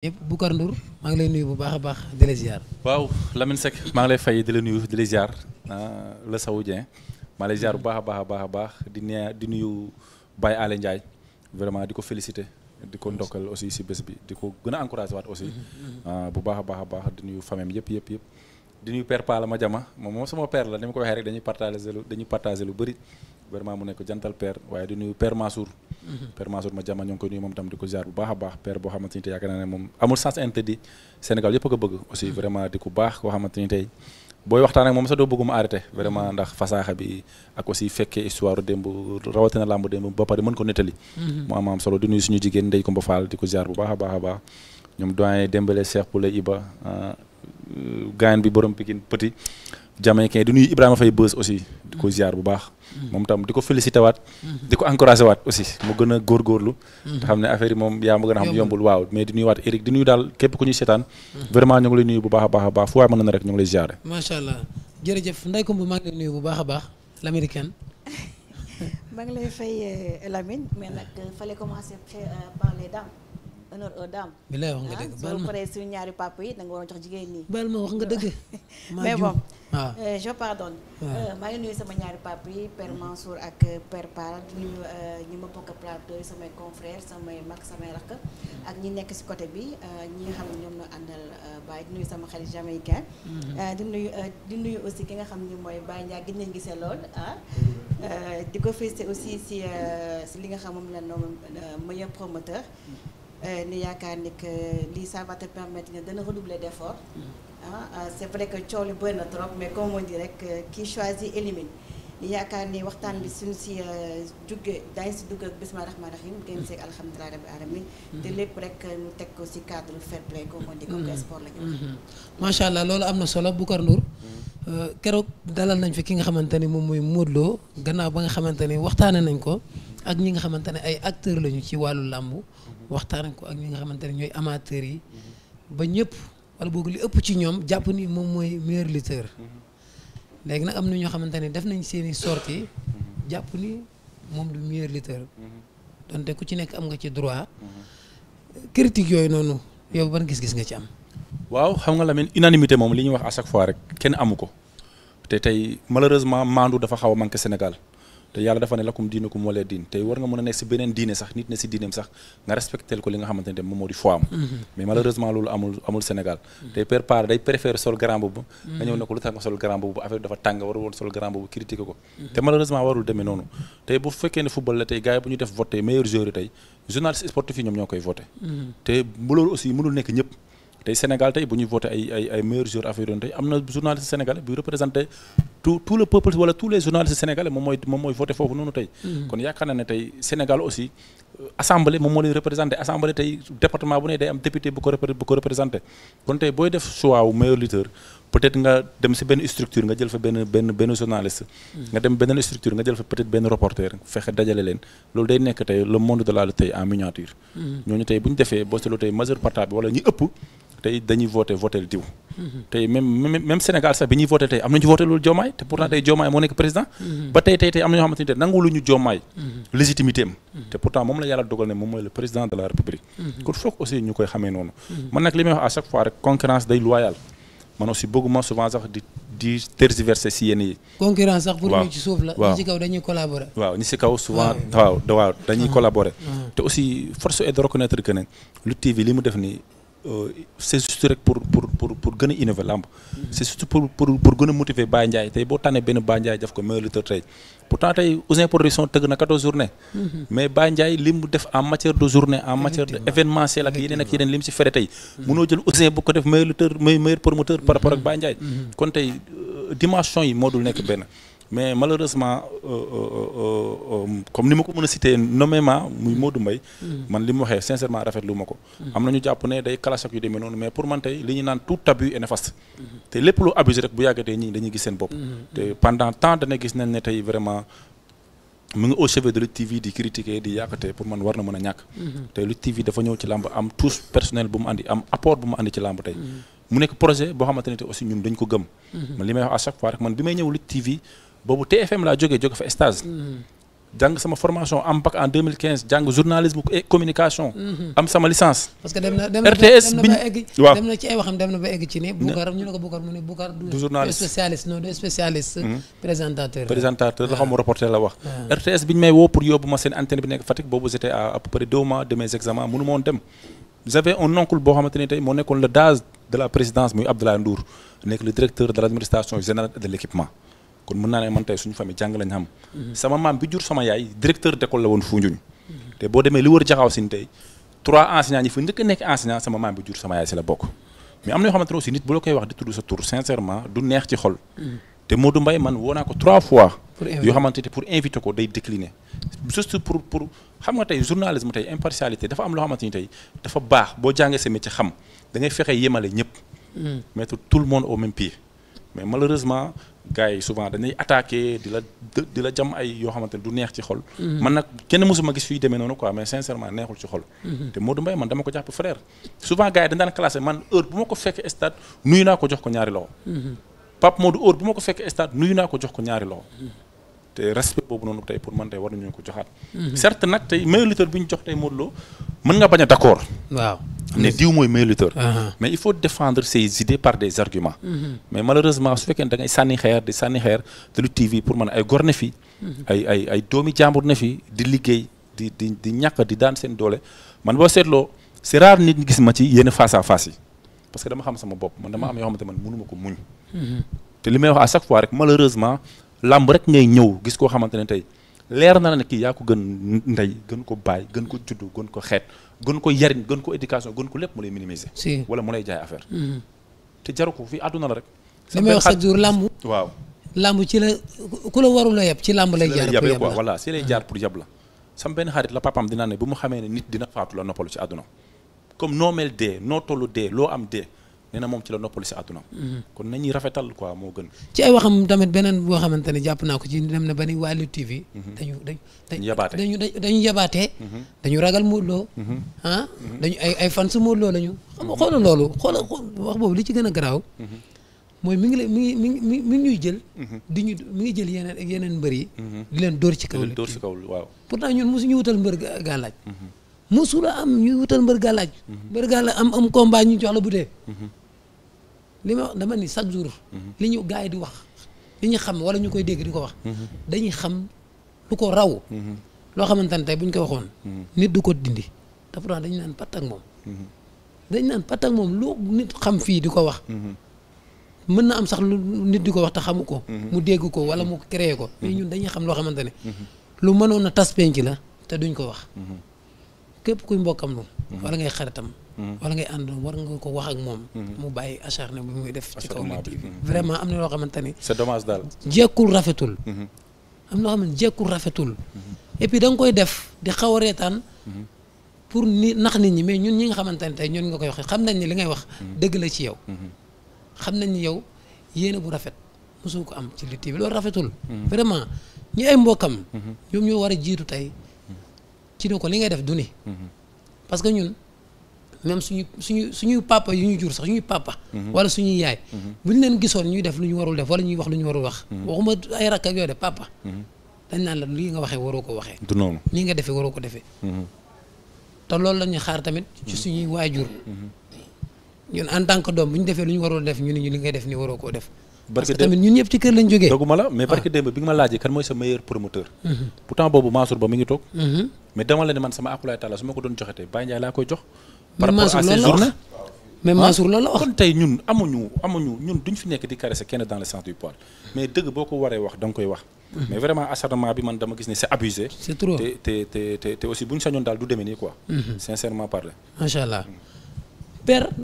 yëpp Boucar Ndour maa ngi lay nuyu bu baax a baax di la ziar. waaw Lamine Seck maa ngi lay fay di la nuyu di la ziar ah, le saoudien maa lay ziar bu baax a baax a baax a baax di nee di nuyu Baye Alé Ndiaye vraiment di ko féliciter di ko ndokkal aussi si bés bi di ko gën a encourager waat aussi mm-hmm. ah, bu baax a baax a baax di nuyu famille yëpp yëpp yëpp di nuyu père Pala Madiama moom moom sama père la ni ma ko waxee rek dañuy partager lu dañuy partager lu bëri vraiment mu nekk jantal père waaye di nuyu père Mansour. Mhm. père Mansour ma jàmm ñoo ngi koy nuyu moom tam di ko ziar bu baax a baax a ko mhm. baax mhm. ba pare mën ko nettali. mu am a a ñoom doyen Dembélé Cheikh Iba ah, euh, gaañ bi borom Pikine petit Jamaïcain di nuyu Ibrahima Faye Beuz aussi di ko ziar bu baax. moom tam di ko félicité waat. di ko encouragé waat aussi mu gën a góorgóorlu. te xam ne affaire moom yaa ma gën a xam yombul waaw mais di nuyu waat Eric di nuyu daal képp ku ñuy seetaan. vraiment ñu ngi lay nuyu bu baax a baax a baax fu waay mën na rek ñu ngi lay ziare. a honneur aux dames. bilaay paree suñu ñaari papa yi da nga jox jigéen ñi. baal ma wax nga dëgg. mais bon waaw ah. euh, je pardonne. Euh, maa ngi nuyu sama ñaari papa yi père Mansour ak père Par di nuyu euh, ñi ma bokk plateau yi samay confrères samay mag samay rakk ak ñi nekk si côté bi ñi nga xam ne ñoom ñoo àndal Baye di nuyu sama xarit jamaïcain. Mm-hmm. di nuyu di nuyu aussi ki nga xam ni mooy Baye Ndiaye gis nañu gisee lool ah. di ko féliciter aussi si si li nga xam moom la noonu meilleur promoteur. ñu euh, yaakaar ni que euh, lii ça va te permettre nga dana redoubler d'effort mm. ah, ah c'est vrai que coow li bëri na trop mais comme on dit rek euh, qui choisit élimine ñu yaakaar ni waxtaan bi suñu si jugee daañu si dugg ak bisimilah rahmaani rahiim mm. génn seeg alhamdulilah rabbi alamin mm. te lépp rek ñu teg ko si cadre fair play comme on dit comme sport la ñu mm-hmm. macha allah loolu am na solo Boucar Ndour keroog dalal nañ fi ki nga xamante ni moom mooy Modou gannaaw ba nga xamante ni waxtaanee nañ ko ak ñi nga xamante ne ay acteurs lañu ci wàllu làmb waxtaan ko ak ñi nga xamante ne ñooy amateurs yi ba ñëpp wala boog li ëpp ci ñoom jàpp ni moom mooy meilleur lutteur léegi nag am na ñoo xamante ne def nañ seeni i sortie jàpp ni moom du meilleur lutteur donte ku ci nekk am nga ci droit critique yooyu noonu yow ban gis-gis nga ci am. waaw xam nga la men unanimité moom li ñu wax à chaque fois rek kenn amu ko te tey malheureusement maandu dafa xaw a manqué Sénégal. te yàlla dafa ne lakum diinukum wala diin tey war nga mën a nekk si beneen diine sax nit ne si diineem sax nga respectel ko li nga xamante ne moo di foi am mm-hmm. mais malheureusement loolu amul Sénégal mm-hmm. tey père part day préféré sol grand boobu mm-hmm. nga ñëw ne ko lu tax nga sol grand boobu affaire dafa tàng war woon sol grand boobu critiqué ko te malheureusement warul demee noonu tey bu fekkee ne football la tey gars yi bu ñu def voté tey journaliste sportif tey Sénégal tey bu ñuy voté ay ay ay meilleurs joueurs affaire yoon tey am na journaliste sénégalais buy représenté tout tout le peuple wala tous les journalistes sénégalais moom mooy moom foofu noonu tey mm-hmm. kon yaakaar naa ne tey Sénégal aussi euh, assemblée moom moo lay représenté assemblée tey département bu ne day am député bu ko bu kon tey booy def choix wu meilleur peut-être nga dem si benn structure nga jël fa benn benn journaliste mm-hmm. nga dem benn structure nga jël fa peut-être benn tey dañuy voté votel diw tey même Sénégal sax bi ñuy voté tey am nañu voté loolu Diomaye te pourtant tey Diomaye moo nekk président mm-hmm. ba tey tey tey am na ñoo xamante ni nangu lu ñu Diomaye mm-hmm. légitimité mm-hmm. te pourtant moom la yàlla dogal ne moom mooy le président de la République kon foog aussi ñu koy xamee noonu man nag li may à chaque fois rek concurrence day loyale man aussi bëgguma souvent sax di di tergiverser yenn yi. concurrence sax pour ñu suuf Euh, c' est juste rek pour pour pour gën a innover làmb. Mhm. c' est pour pour pour gën a motiver Baye Ndiaye tey boo tànnee benn Baye Ndiaye def ko meilleur lutteur tey pourtant tey Ouzin Production tëgg na 14 journée. Mhm. mais Baye Ndiaye li mu def en matière de journée en matière de événementiel ak yeneen yeneen li mu si fere tey. Mhm. munoo jël Ouzin bu ko def meilleur lutteur meilleur promoteur par rapport ak Baye Ndiaye. kon tey euh, dimension yi moo dul nekk benn. mais malheureusement euh, euh, euh, comme ni ma ko mën a citer nommément muy Modou Mbaye mm. man li mu waxee sincèrement rafetlu ma ko mm. am nañu jàpp ne day clash ak yu demee mais pour man tey li ñu naan tout abus est néfaste mm-hmm. te lépp lu abusé rek bu yàggatee ñi dañuy gis seen mm-hmm. gis nañ ne tey vraiment mu ngi au chevet de di critiquer di pour man war na mën a ñàkk mm-hmm. te Lutte ñëw ci làmb am tous personnel bu mu andi am apport bu mu andi ci làmb mu nekk projet boo xamante ne aussi ñun dañ ko gëm man li may wax à chaque fois rek man bi may ñëw Lutte TV boobu TFM laa jógee jóge fa stage. jàng sama formation am bac en 2015 jàng journalisme et communication. Mhm. am sama licence. na dem na RTS bi waaw dem na ci ay waxam dem na ba may woo pour yóbbu ma seen antenne bi nekk Fatick boobu j'étais à à peu près deux mois de mes examens mënu ma woon dem. j'avais un oncle xamante ne tey moo nekkoon le DAGE de la présidence muy Abdoulaye Ndour nekk le directeur de l'administration générale de l'équipement. kon mën naa ne man tey suñu famille jàng lañ xam sama maam bi jur sama yaay directeur d'école la woon Foundiougne te boo demee li wër jaxaaw sin tey trois enseignants ñi fa njëkk a nekk enseignant sama maam bi jur sama yaay si la bokk mais am na yoo xamante ne aussi bu la koy wax di tudd sa tur sincèrement du neex ci xol te Modou Mbaye man woo naa ko trois fois yoo xamante ne pour inviter ko day décliner juste pour xam nga tey journalisme tey impartialité loo xamante ni tey boo jàngee sa métier xam da ngay fexe gars yi souvent dañuy attaqué di la di la jam ay yoo xamante ne du neex ci xol. Mm-hmm. man nag kenn mosuma gis fii demee noonu quoi mais sincèrement neexul ci xol. Mm-hmm. te Modou Mbaye man dama ko jàpp frère. souvent gars yi dañ daan classé man heure bu ma ko fekk stade nuyu naa ko jox ko ñaari loxo. Mm-hmm. Pape Modou heure ma ko fekk stade nuyu naa ko jox ko ñaari loxo. te respect boobu noonu tey pour man tey war nañu ko joxaat. certes nag tey meilleur lutteur bi ñu jox tey Modou Lo mën nga bañ a d'accord. waaw ne diw mooy meilleur lutteur ah. mais il faut défendre ses idées par des arguments mm-hmm. mais malheureusement su fekkee ne da sànni xeer di sànni xeer te Lutte TV pour man ay gor ne fi mm-hmm. ay ay ay doomi jàmbur ne fi di liggéey di di di di daan seen doole man boo seetloo c'est rare nit gis ma ci yenn face à face yi parce que dama xam sama bopp man dama am yoo xamante man mënuma ko muñ mm-hmm. te li may wax à chaque fois rek malheureusement làmb rek ngay ñëw gis koo xamante ne tey leer na la ne kii yaa ko gën ndey gën ko baay gën ko juddu gën ko xeet gën ko yariñ gën ko éducation gën ko lépp mu lay minimiser. si wala mu lay jaay affaire. Mm-hmm. te jaru ko fii àdduna la rek. li may wax chaque jour làmb. waaw làmb ci la ku la warul la yeb ci làmb lay jaar ko yeb la voilà si lay jaar mm-hmm. pour yeb la. sam benn xarit la papaam dinaa ne bu mu xamee ne nit dina faatu la noppalu ci àdduna comme noo mel dee noo tollu dee loo am dee. nee na moom ci la noppalu si àdduna mhm. kon nañuy rafetal quoi moo gën ci ay waxam tamit beneen boo xamante ne jàpp naa ko ci dem na ba ni waa Lutte TV mhm. dañu dañ dañu dañu yabaatee mhm. dañu ragal ah? ay ay fan su Modou Lo xam nga xoola loolu xoola wax boobu li ci gën a garaaw mooy mi ngi la mi ngi mi ngi mi ngi ñuy jël. di ñu mu ngi jël yeneen yeneen mbër yi. di leen door ci kaw. di leen dóor ci kaw waaw. pourtant ñun mosu ñu wutal mbër gàllaaj. mosu la am ñu wutal mbër gàllaaj. mbër gàllaaj am am combat ñu jox la bu dee. li ma dama ni chaque jour. li ñu gars yi di wax li ñu xam wala ñu koy dégg di ko wax. dañuy xam lu ko raw. loo xamante ne tey bu ñu ko waxoon. nit du ko dindi te pourtant dañu naan patt ak dañ naan patt ak moom loo nit xam fii di ko wax. mën na am sax lu nit di ko wax te xamu ko. mu dégg ko wala mu créé ko. mais ñun dañuy xam loo xamante ne. lu mënoon a tas penc la te duñ ko wax. képp kuy mbokkam lu mhm. wala ngay xaritam mhm. wala ngay ànd war nga ko wax ak moom mhm. mu bàyyi acharné bu muy def ci kaw nit yi vraiment am na loo xamante ni c'est dommage daal jekkul rafetul am na loo xam def di xaw a reetaan pour ni nax nit ñi mais ñun ñi nga xamante ne tey ñun nga koy wax xam nañ ni li ngay wax dëgg la ci yow xam nañ ni yow yéene bu rafet mosoo ko am ci Lutte TV ñi ay mbokkam ñoom ñoo war a jiitu tey ci ne ko li ngay def du ne mhm. parce que ñun même suñu suñu suñuy papa yu ñu jur sax suñuy papa mhm. wala suñuy yaay mhm. bu ñu leen gisoon ñuy def lu ñu warul def wala ñuy wax lu ñu warul wax waxuma ay rakk ak yooyu de papa dañ naan la lii nga waxee waroo ko waxee du noonu nii nga defee waroo ko defee te loolu la ñuy xaar tamit ci suñuy waajur ñun en tant que doom bu ñu defee lu ñu warul def ñu ni ñu li ngay def ni waroo koo def parce que tamit ñun ñëpp ci kër lañ jógee doguma la mais barki ah. démb bi nga ma laajee kan mooy sa meilleur promoteur mhm. pourtant boobu Mansour ba mi ngi toog mhm. mais dama la ne man sama akulaay taala su ma ko doon joxete Baye Ndiaye laa koy jox mais ah. Mansour loolu la wax kon tey ñun amuñu amuñu ñun duñ fi nekk di caresser kenn dans le sens du poil mais dëgg boo ko waree wax da koy wax mhm. mais vraiment acharnement bi man dama gis ne c'est abusé te te te te aussi